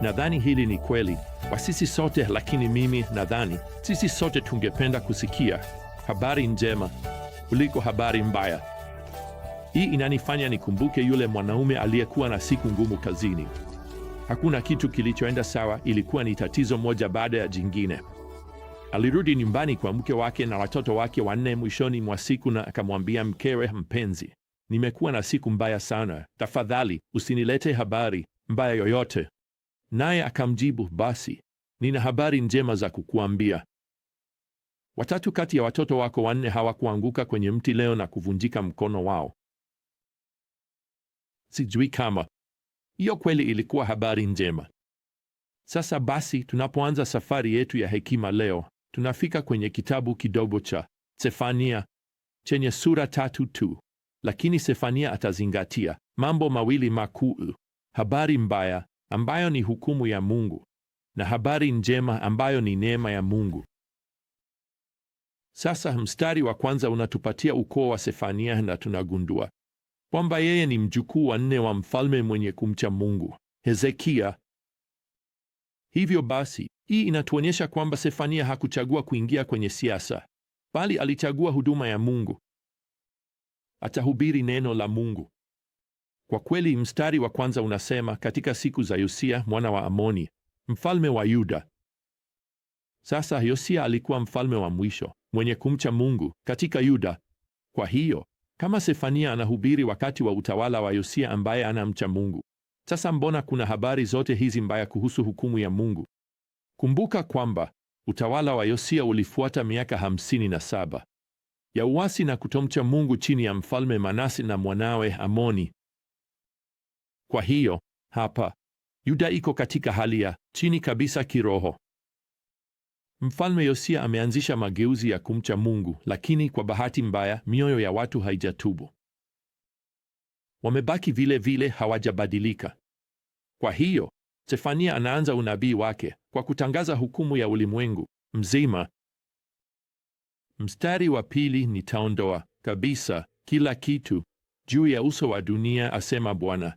Nadhani hili ni kweli kwa sisi sote, lakini mimi nadhani sisi sote tungependa kusikia habari njema kuliko habari mbaya. Hii inanifanya nikumbuke yule mwanaume aliyekuwa na siku ngumu kazini. Hakuna kitu kilichoenda sawa, ilikuwa ni tatizo moja baada ya jingine. Alirudi nyumbani kwa mke wake na watoto wake wanne mwishoni mwa siku, na akamwambia mkewe, mpenzi, nimekuwa na siku mbaya sana, tafadhali usinilete habari mbaya yoyote. Naye akamjibu, basi nina habari njema za kukuambia. Watatu kati ya watoto wako wanne hawakuanguka kwenye mti leo na kuvunjika mkono wao. Sijui kama hiyo kweli ilikuwa habari njema. Sasa basi, tunapoanza safari yetu ya hekima leo, tunafika kwenye kitabu kidogo cha Sefania chenye sura tatu tu, lakini Sefania atazingatia mambo mawili makuu: habari mbaya ambayo ni hukumu ya Mungu na habari njema ambayo ni neema ya Mungu. Sasa mstari wa kwanza unatupatia ukoo wa Sefania na tunagundua kwamba yeye ni mjukuu wa nne wa mfalme mwenye kumcha Mungu, Hezekia. Hivyo basi, hii inatuonyesha kwamba Sefania hakuchagua kuingia kwenye siasa, bali alichagua huduma ya Mungu. Atahubiri neno la Mungu. Kwa kweli, mstari wa kwanza unasema katika siku za Yosia mwana wa Amoni, mfalme wa Yuda. Sasa Yosia alikuwa mfalme wa mwisho mwenye kumcha Mungu katika Yuda. Kwa hiyo kama Sefania anahubiri wakati wa utawala wa Yosia ambaye anamcha Mungu, sasa mbona kuna habari zote hizi mbaya kuhusu hukumu ya Mungu? Kumbuka kwamba utawala wa Yosia ulifuata miaka hamsini na saba ya uasi na kutomcha Mungu chini ya mfalme Manase na mwanawe Amoni. Kwa hiyo hapa Yuda iko katika hali ya chini kabisa kiroho. Mfalme Yosia ameanzisha mageuzi ya kumcha Mungu, lakini kwa bahati mbaya mioyo ya watu haijatubu. Wamebaki vile vile, hawajabadilika. Kwa hiyo Sefania anaanza unabii wake kwa kutangaza hukumu ya ulimwengu mzima. Mstari wa pili: nitaondoa kabisa kila kitu juu ya uso wa dunia, asema Bwana,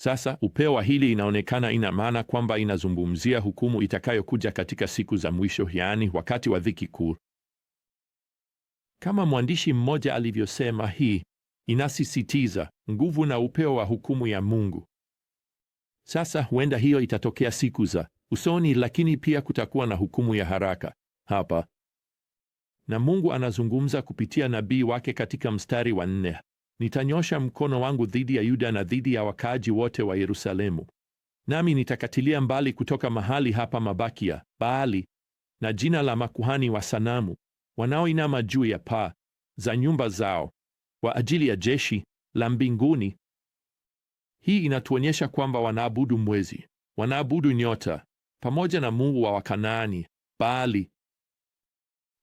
sasa upeo wa hili inaonekana ina maana kwamba inazungumzia hukumu itakayokuja katika siku za mwisho, yaani wakati wa dhiki kuu. Kama mwandishi mmoja alivyosema, hii inasisitiza nguvu na upeo wa hukumu ya Mungu. Sasa huenda hiyo itatokea siku za usoni, lakini pia kutakuwa na hukumu ya haraka hapa, na Mungu anazungumza kupitia nabii wake katika mstari wa nne. Nitanyosha mkono wangu dhidi ya Yuda na dhidi ya wakaaji wote wa Yerusalemu, nami nitakatilia mbali kutoka mahali hapa mabaki ya Baali na jina la makuhani wa sanamu wanaoinama juu ya paa za nyumba zao kwa ajili ya jeshi la mbinguni. Hii inatuonyesha kwamba wanaabudu mwezi, wanaabudu nyota pamoja na mungu wa Wakanaani Baali.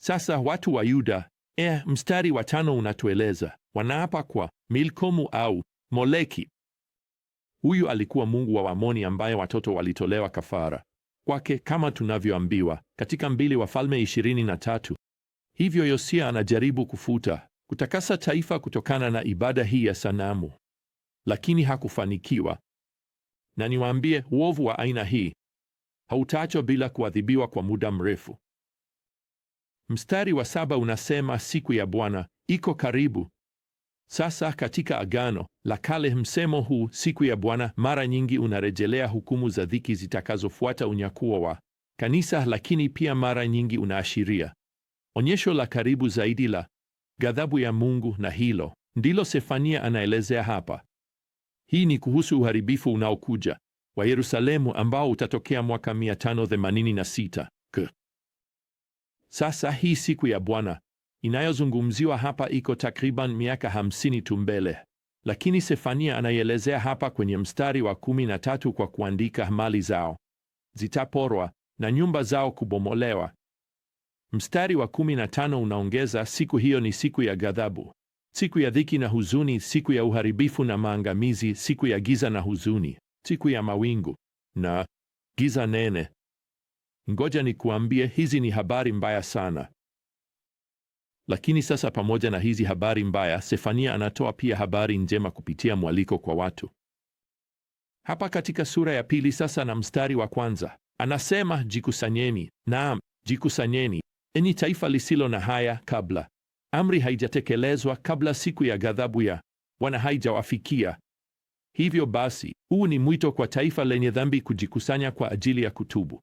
Sasa watu wa Yuda, eh, mstari wa tano unatueleza wanaapa kwa Milkomu au Moleki. Huyu alikuwa mungu wa wamoni ambaye watoto walitolewa kafara kwake kama tunavyoambiwa katika mbili Wafalme 23. Hivyo Yosia anajaribu kufuta kutakasa taifa kutokana na ibada hii ya sanamu, lakini hakufanikiwa. Na niwaambie, uovu wa aina hii hautaachwa bila kuadhibiwa kwa muda mrefu. Mstari wa saba unasema siku ya Bwana iko karibu sasa katika Agano la Kale, msemo huu siku ya Bwana mara nyingi unarejelea hukumu za dhiki zitakazofuata unyakuo wa kanisa, lakini pia mara nyingi unaashiria onyesho la karibu zaidi la ghadhabu ya Mungu, na hilo ndilo Sefania anaelezea hapa. Hii ni kuhusu uharibifu unaokuja wa Yerusalemu ambao utatokea mwaka 586. Sasa hii siku ya Bwana inayozungumziwa hapa iko takriban miaka hamsini tu mbele, lakini Sefania anaielezea hapa kwenye mstari wa kumi na tatu kwa kuandika, mali zao zitaporwa na nyumba zao kubomolewa. Mstari wa kumi na tano unaongeza, siku hiyo ni siku ya ghadhabu, siku ya dhiki na huzuni, siku ya uharibifu na maangamizi, siku ya giza na huzuni, siku ya mawingu na giza nene. Ngoja nikuambie, hizi ni habari mbaya sana. Lakini sasa, pamoja na hizi habari mbaya, Sefania anatoa pia habari njema kupitia mwaliko kwa watu. Hapa katika sura ya pili sasa na mstari wa kwanza anasema, jikusanyeni, naam, jikusanyeni enyi taifa lisilo na haya, kabla amri haijatekelezwa, kabla siku ya ghadhabu ya Bwana haijawafikia. Hivyo basi, huu ni mwito kwa taifa lenye dhambi kujikusanya kwa ajili ya kutubu.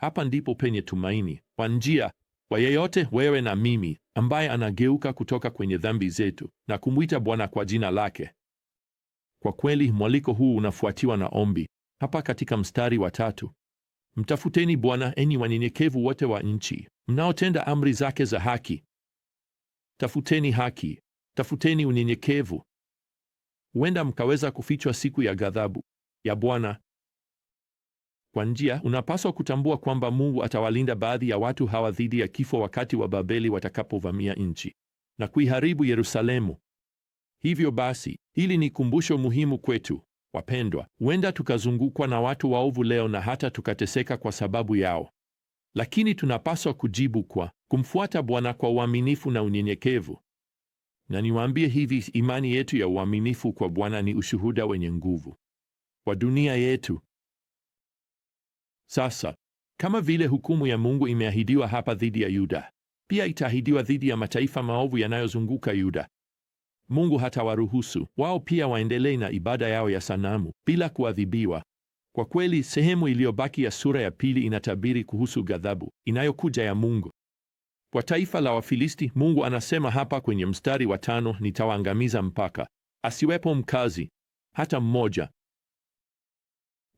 Hapa ndipo penye tumaini kwa njia kwa yeyote, wewe na mimi, ambaye anageuka kutoka kwenye dhambi zetu na kumwita Bwana kwa jina lake. Kwa kweli, mwaliko huu unafuatiwa na ombi hapa katika mstari wa tatu: mtafuteni Bwana, enyi wanyenyekevu wote wa nchi, mnaotenda amri zake za haki. Tafuteni haki, tafuteni unyenyekevu, huenda mkaweza kufichwa siku ya ghadhabu ya Bwana. Kwa njia, unapaswa kutambua kwamba Mungu atawalinda baadhi ya watu hawa dhidi ya kifo wakati wa Babeli watakapovamia nchi na kuiharibu Yerusalemu. Hivyo basi, hili ni kumbusho muhimu kwetu wapendwa. Huenda tukazungukwa na watu waovu leo na hata tukateseka kwa sababu yao, lakini tunapaswa kujibu kwa kumfuata Bwana kwa uaminifu na unyenyekevu. Na niwaambie hivi, imani yetu ya uaminifu kwa Bwana ni ushuhuda wenye nguvu kwa dunia yetu. Sasa kama vile hukumu ya Mungu imeahidiwa hapa dhidi ya Yuda, pia itaahidiwa dhidi ya mataifa maovu yanayozunguka Yuda. Mungu hatawaruhusu wao pia waendelee na ibada yao ya sanamu bila kuadhibiwa. Kwa kweli, sehemu iliyobaki ya sura ya pili inatabiri kuhusu ghadhabu inayokuja ya Mungu kwa taifa la Wafilisti. Mungu anasema hapa kwenye mstari wa tano, nitawaangamiza mpaka asiwepo mkazi hata mmoja.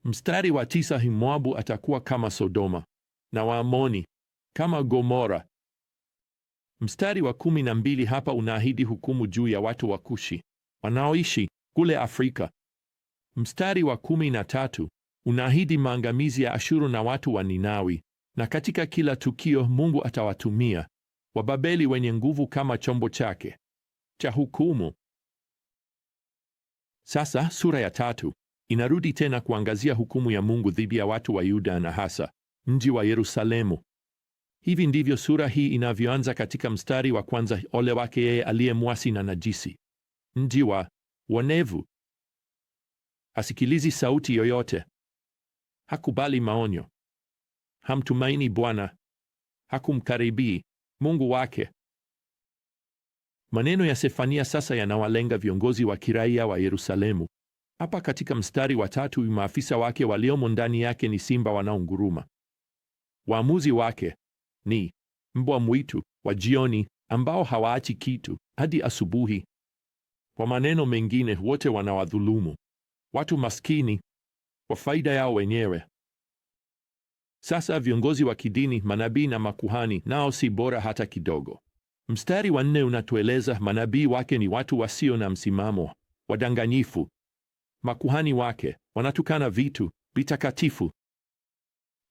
Mstari wa tisa, Moabu atakuwa kama Sodoma na Waamoni kama Gomora. Mstari wa kumi na mbili hapa unaahidi hukumu juu ya watu wa Kushi wanaoishi kule Afrika. Mstari wa kumi na tatu unaahidi maangamizi ya Ashuru na watu wa Ninawi, na katika kila tukio Mungu atawatumia Wababeli wenye nguvu kama chombo chake cha hukumu. Sasa sura ya tatu inarudi tena kuangazia hukumu ya Mungu dhidi ya watu wa Yuda na hasa mji wa Yerusalemu. Hivi ndivyo sura hii inavyoanza katika mstari wa kwanza: ole wake yeye aliyemwasi na najisi mji wa wonevu, asikilizi sauti yoyote, hakubali maonyo, hamtumaini Bwana, hakumkaribii Mungu wake. Maneno ya Sefania sasa yanawalenga viongozi wa kiraia wa Yerusalemu hapa katika mstari wa tatu, maafisa wake waliomo ndani yake ni simba wanaonguruma. Waamuzi wake ni mbwa mwitu wa jioni ambao hawaachi kitu hadi asubuhi. Kwa maneno mengine, wote wanawadhulumu watu maskini kwa faida yao wenyewe. Sasa viongozi wa kidini, manabii na makuhani nao si bora hata kidogo. Mstari wa nne unatueleza manabii wake ni watu wasio na msimamo, wadanganyifu makuhani wake, wanatukana vitu vitakatifu.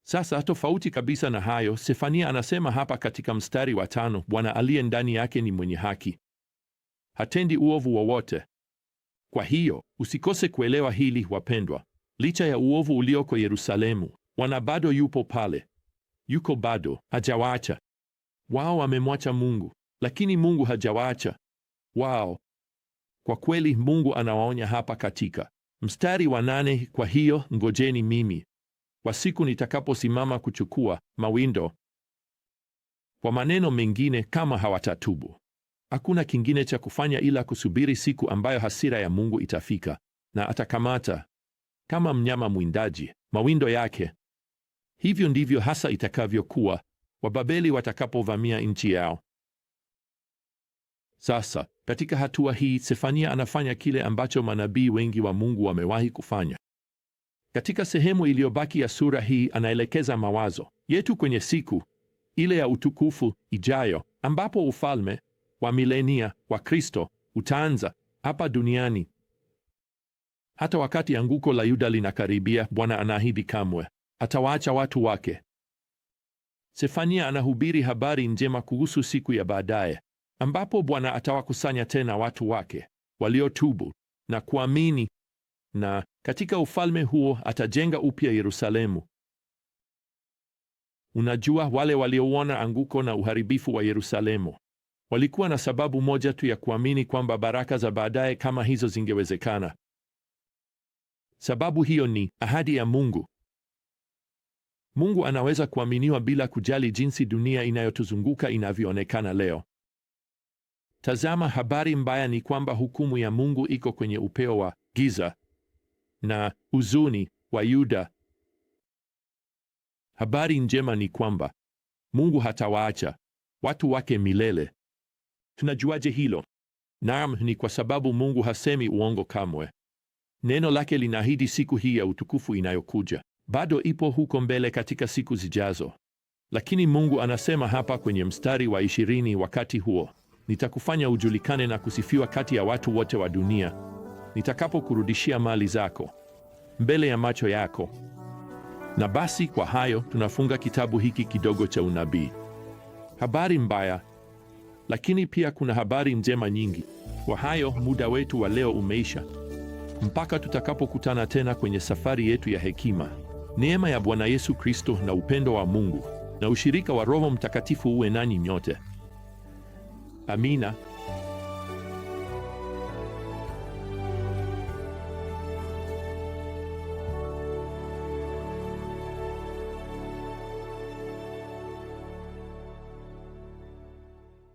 Sasa tofauti kabisa na hayo, Sefania anasema hapa katika mstari wa tano, Bwana aliye ndani yake ni mwenye haki, hatendi uovu wowote. Kwa hiyo usikose kuelewa hili wapendwa, licha ya uovu ulioko Yerusalemu, Bwana bado yupo pale, yuko bado, hajawaacha wao. Wamemwacha Mungu, lakini Mungu hajawaacha wao. Kwa kweli Mungu anawaonya hapa katika Mstari wa nane: kwa hiyo ngojeni mimi kwa siku nitakaposimama kuchukua mawindo. Kwa maneno mengine, kama hawatatubu hakuna kingine cha kufanya ila kusubiri siku ambayo hasira ya Mungu itafika na atakamata kama mnyama mwindaji mawindo yake. Hivyo ndivyo hasa itakavyokuwa Wababeli watakapovamia nchi yao. Sasa katika hatua hii Sefania anafanya kile ambacho manabii wengi wa Mungu wamewahi kufanya. Katika sehemu iliyobaki ya sura hii, anaelekeza mawazo yetu kwenye siku ile ya utukufu ijayo, ambapo ufalme wa milenia wa Kristo utaanza hapa duniani. Hata wakati anguko la Yuda linakaribia, Bwana anaahidi kamwe atawaacha watu wake. Sefania anahubiri habari njema kuhusu siku ya baadaye ambapo Bwana atawakusanya tena watu wake waliotubu na kuamini, na katika ufalme huo atajenga upya Yerusalemu. Unajua, wale walioona anguko na uharibifu wa Yerusalemu walikuwa na sababu moja tu ya kuamini kwamba baraka za baadaye kama hizo zingewezekana. Sababu hiyo ni ahadi ya Mungu. Mungu anaweza kuaminiwa bila kujali jinsi dunia inayotuzunguka inavyoonekana leo. Tazama, habari mbaya ni kwamba hukumu ya Mungu iko kwenye upeo wa giza na huzuni wa Yuda. Habari njema ni kwamba Mungu hatawaacha watu wake milele. Tunajuaje hilo? Naam, ni kwa sababu Mungu hasemi uongo kamwe. Neno lake linaahidi siku hii ya utukufu inayokuja bado ipo huko mbele katika siku zijazo, lakini Mungu anasema hapa kwenye mstari wa ishirini, wakati huo Nitakufanya ujulikane na kusifiwa kati ya watu wote wa dunia nitakapokurudishia mali zako mbele ya macho yako. Na basi kwa hayo tunafunga kitabu hiki kidogo cha unabii. Habari mbaya, lakini pia kuna habari njema nyingi. Kwa hayo muda wetu wa leo umeisha, mpaka tutakapokutana tena kwenye safari yetu ya hekima. Neema ya Bwana Yesu Kristo na upendo wa Mungu na ushirika wa Roho Mtakatifu uwe nanyi nyote. Amina